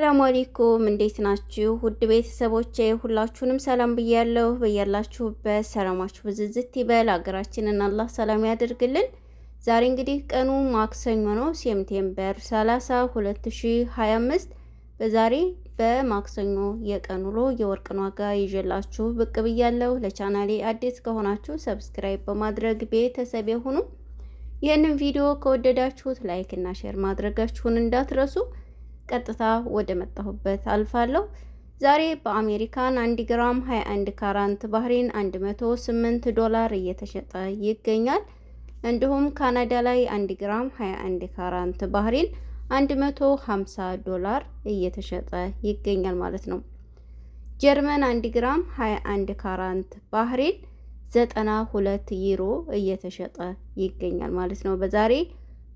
ሰላም አለይኩም እንዴት ናችሁ? ውድ ቤተሰቦቼ ሁላችሁንም ሰላም ብያለሁ። በያላችሁበት ሰላማችሁ ብዝዝት ይበል። ሀገራችንን አላህ ሰላም ያደርግልን። ዛሬ እንግዲህ ቀኑ ማክሰኞ ነው፣ ሴፕቴምበር 30 2025። በዛሬ በማክሰኞ የቀን ውሎ የወርቅን ዋጋ ይዤላችሁ ብቅ ብያለሁ። ለቻናሌ አዲስ ከሆናችሁ ሰብስክራይብ በማድረግ ቤተሰብ የሆኑ ይህንን ቪዲዮ ከወደዳችሁት ላይክ እና ሼር ማድረጋችሁን እንዳትረሱ ቀጥታ ወደ መጣሁበት አልፋለሁ። ዛሬ በአሜሪካን 1 ግራም 21 ካራንት ባህሬን 108 ዶላር እየተሸጠ ይገኛል። እንዲሁም ካናዳ ላይ 1 ግራም 21 ካራንት ባህሬን 150 ዶላር እየተሸጠ ይገኛል ማለት ነው። ጀርመን 1 ግራም 21 ካራንት ባህሬን 92 ዩሮ እየተሸጠ ይገኛል ማለት ነው በዛሬ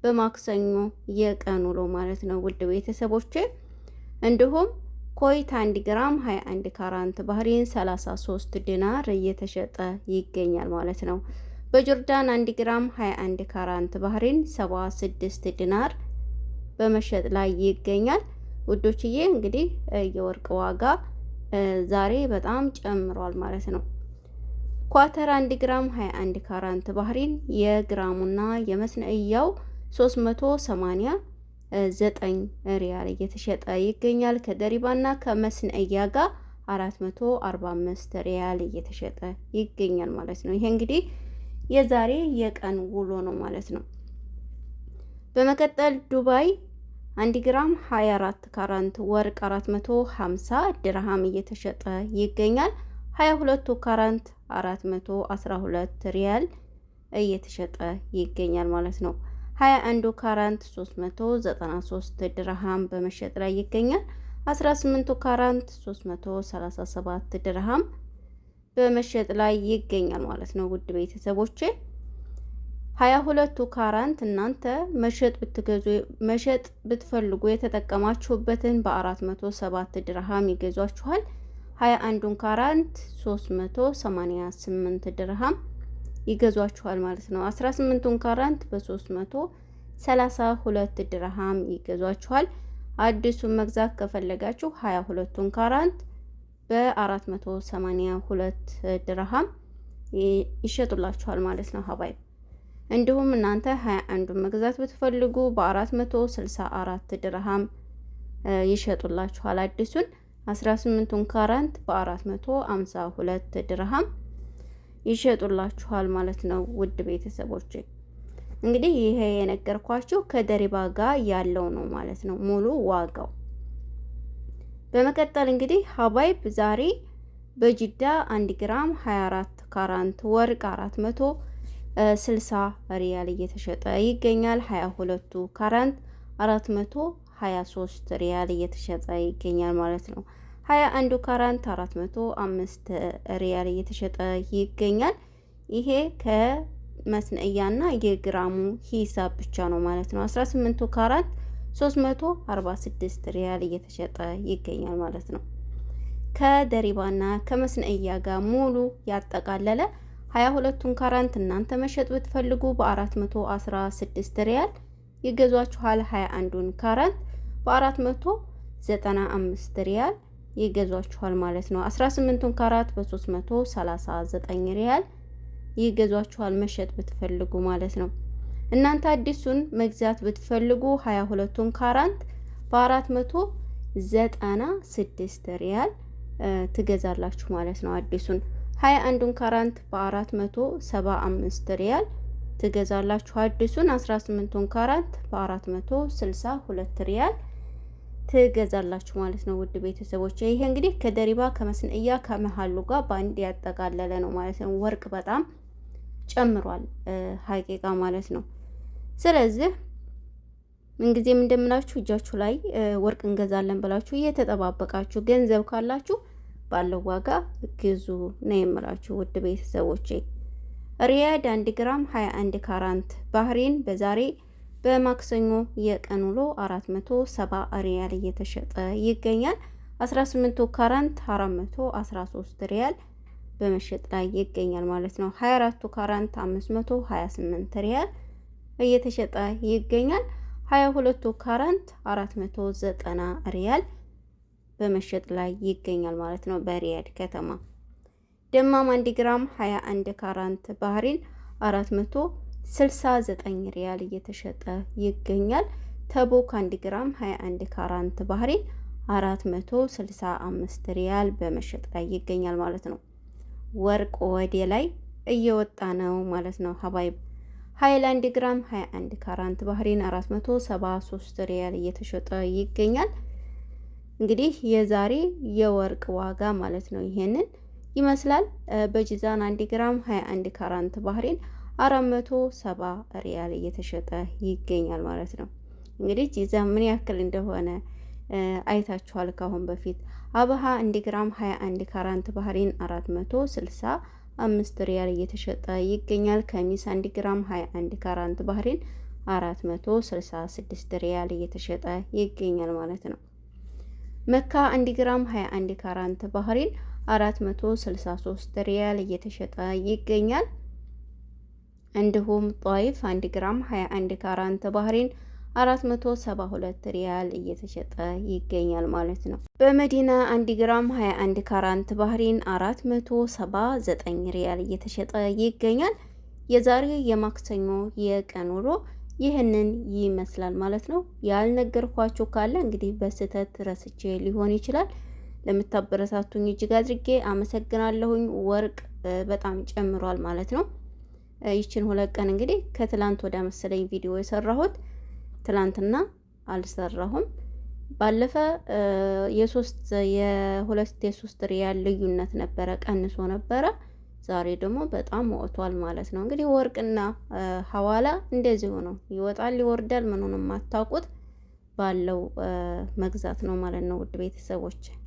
በማክሰኞ የቀን ውሎ ማለት ነው። ውድ ቤተሰቦቼ እንዲሁም ኮይት 1 ግራም 21 ካራንት ባህሪን 33 ዲናር እየተሸጠ ይገኛል ማለት ነው። በጆርዳን 1 ግራም 21 ካራንት ባህሪን 76 ዲናር በመሸጥ ላይ ይገኛል። ውዶችዬ እንግዲህ የወርቅ ዋጋ ዛሬ በጣም ጨምሯል ማለት ነው። ኳተር 1 ግራም 21 ካራንት ባህሪን የግራሙና የመስነእያው 389 ሪያል እየተሸጠ ይገኛል። ከደሪባና ከመስነእያ ጋር 445 ሪያል እየተሸጠ ይገኛል ማለት ነው። ይሄ እንግዲህ የዛሬ የቀን ውሎ ነው ማለት ነው። በመቀጠል ዱባይ 1 ግራም 24 ካራንት ወርቅ 450 ድርሃም እየተሸጠ ይገኛል። 22ቱ ካራንት 412 ሪያል እየተሸጠ ይገኛል ማለት ነው። 21 ካራንት 393 ድርሃም በመሸጥ ላይ ይገኛል። 18ቱ ካራንት 337 ድርሃም በመሸጥ ላይ ይገኛል ማለት ነው። ውድ ቤተሰቦቼ 22ቱ ካራንት እናንተ መሸጥ ብትገዙ መሸጥ ብትፈልጉ የተጠቀማችሁበትን በ407 ድርሃም ይገዟችኋል። ካራንት 388 ድርሃም ይገዟችኋል ማለት ነው። 18ቱን ካራንት በ332 ድርሃም ይገዟችኋል። አዲሱን መግዛት ከፈለጋችሁ 22ቱን ካራንት በ482 ድርሃም ይሸጡላችኋል ማለት ነው ሀባይ እንዲሁም እናንተ 21ዱን መግዛት ብትፈልጉ በ464 ድርሃም ይሸጡላችኋል። አዲሱን 18ቱን ካራንት በ452 ድርሃም ይሸጡላችኋል ማለት ነው። ውድ ቤተሰቦች እንግዲህ ይሄ የነገርኳችሁ ከደሪባ ጋር ያለው ነው ማለት ነው ሙሉ ዋጋው። በመቀጠል እንግዲህ ሀባይብ ዛሬ በጅዳ 1 ግራም 24 ካራንት ወርቅ 460 ሪያል እየተሸጠ ይገኛል። 22 ካራንት 423 ሪያል እየተሸጠ ይገኛል ማለት ነው። ሀያ አንዱ ካራንት 405 ሪያል እየተሸጠ ይገኛል። ይሄ ከመስነእያና የግራሙ ሂሳብ ብቻ ነው ማለት ነው። 18ቱ ካራንት 346 ሪያል እየተሸጠ ይገኛል ማለት ነው። ከደሪባና ከመስነእያ ጋር ሙሉ ያጠቃለለ 22ቱን ካራንት እናንተ መሸጥ ብትፈልጉ በ416 ሪያል ይገዟችኋል። 21ዱን ካራንት በ495 ሪያል ይገዟችኋል ማለት ነው። 18ቱን ካራት በ339 ሪያል ይገዟችኋል መሸጥ ብትፈልጉ ማለት ነው። እናንተ አዲሱን መግዛት ብትፈልጉ 22ቱን ካራት በ496 ሪያል ትገዛላችሁ ማለት ነው። አዲሱን 21ን ካራት በ475 ሪያል ትገዛላችሁ። አዲሱን 18ቱን ካራት በ462 ሪያል ትገዛላችሁ ማለት ነው። ውድ ቤተሰቦች ይሄ እንግዲህ ከደሪባ ከመስንእያ ከመሀሉ ጋር በአንድ ያጠቃለለ ነው ማለት ነው። ወርቅ በጣም ጨምሯል ሀቂቃ ማለት ነው። ስለዚህ ምንጊዜም እንደምላችሁ እጃችሁ ላይ ወርቅ እንገዛለን ብላችሁ እየተጠባበቃችሁ ገንዘብ ካላችሁ ባለው ዋጋ ግዙ ነው የምላችሁ ውድ ቤተሰቦቼ። ሪያድ 1 ግራም 21 ካራንት፣ ባህሬን በዛሬ በማክሰኞ የቀን ውሎ 470 ሪያል እየተሸጠ ይገኛል። 18 ካራንት 413 ሪያል በመሸጥ ላይ ይገኛል ማለት ነው። 24 ካራንት 528 ሪያል እየተሸጠ ይገኛል። 22 ካራንት 490 ሪያል በመሸጥ ላይ ይገኛል ማለት ነው። በሪያድ ከተማ ደማም አንድ ግራም 21 ካራንት ባህሪን 400 69 ሪያል እየተሸጠ ይገኛል። ተቦ 1 ግራም 21 ካራንት ባህሪን 465 ሪያል በመሸጥ ላይ ይገኛል ማለት ነው። ወርቅ ወዴ ላይ እየወጣ ነው ማለት ነው። ሀባይብ ሃይላንድ ግራም 21 ካራንት ባህሪን 473 ሪያል እየተሸጠ ይገኛል። እንግዲህ የዛሬ የወርቅ ዋጋ ማለት ነው ይሄንን ይመስላል። በጂዛን 1 ግራም 21 ካራንት ባህሪን 470 ሪያል እየተሸጠ ይገኛል ማለት ነው። እንግዲህ ጂዛ ምን ያክል እንደሆነ አይታችኋል። ካሁን በፊት አብሃ አንድ ግራም 21 ካራንት ባህሪን 5 ሪያል እየተሸጠ ይገኛል። ከሚስ 1 ግራም 21 ካራንት ባህሪን 466 ሪያል እየተሸጠ ይገኛል ማለት ነው። መካ 1 ግራም 21 ካራንት ባህሪን 463 ሪያል እየተሸጠ ይገኛል። እንዲሁም ጧይፍ 1 ግራም 21 ካራንት ባህሪን 472 ሪያል እየተሸጠ ይገኛል ማለት ነው። በመዲና 1 ግራም 21 ካራንት ባህሪን 479 ሪያል እየተሸጠ ይገኛል። የዛሬ የማክሰኞ የቀን ውሎ ይህንን ይመስላል ማለት ነው። ያልነገርኳችሁ ካለ እንግዲህ በስህተት ረስቼ ሊሆን ይችላል። ለምታበረታቱኝ እጅግ አድርጌ አመሰግናለሁኝ። ወርቅ በጣም ጨምሯል ማለት ነው። ይችን ሁለት ቀን እንግዲህ ከትላንት ወደ መሰለኝ ቪዲዮ የሰራሁት ትላንትና አልሰራሁም። ባለፈ የሶስት የሁለት የሶስት ሪያል ልዩነት ነበረ ቀንሶ ነበረ። ዛሬ ደግሞ በጣም ወጥቷል ማለት ነው። እንግዲህ ወርቅና ሐዋላ እንደዚሁ ነው፣ ይወጣል ይወርዳል። ምኑንም አታውቁት ባለው መግዛት ነው ማለት ነው ውድ ቤተሰቦች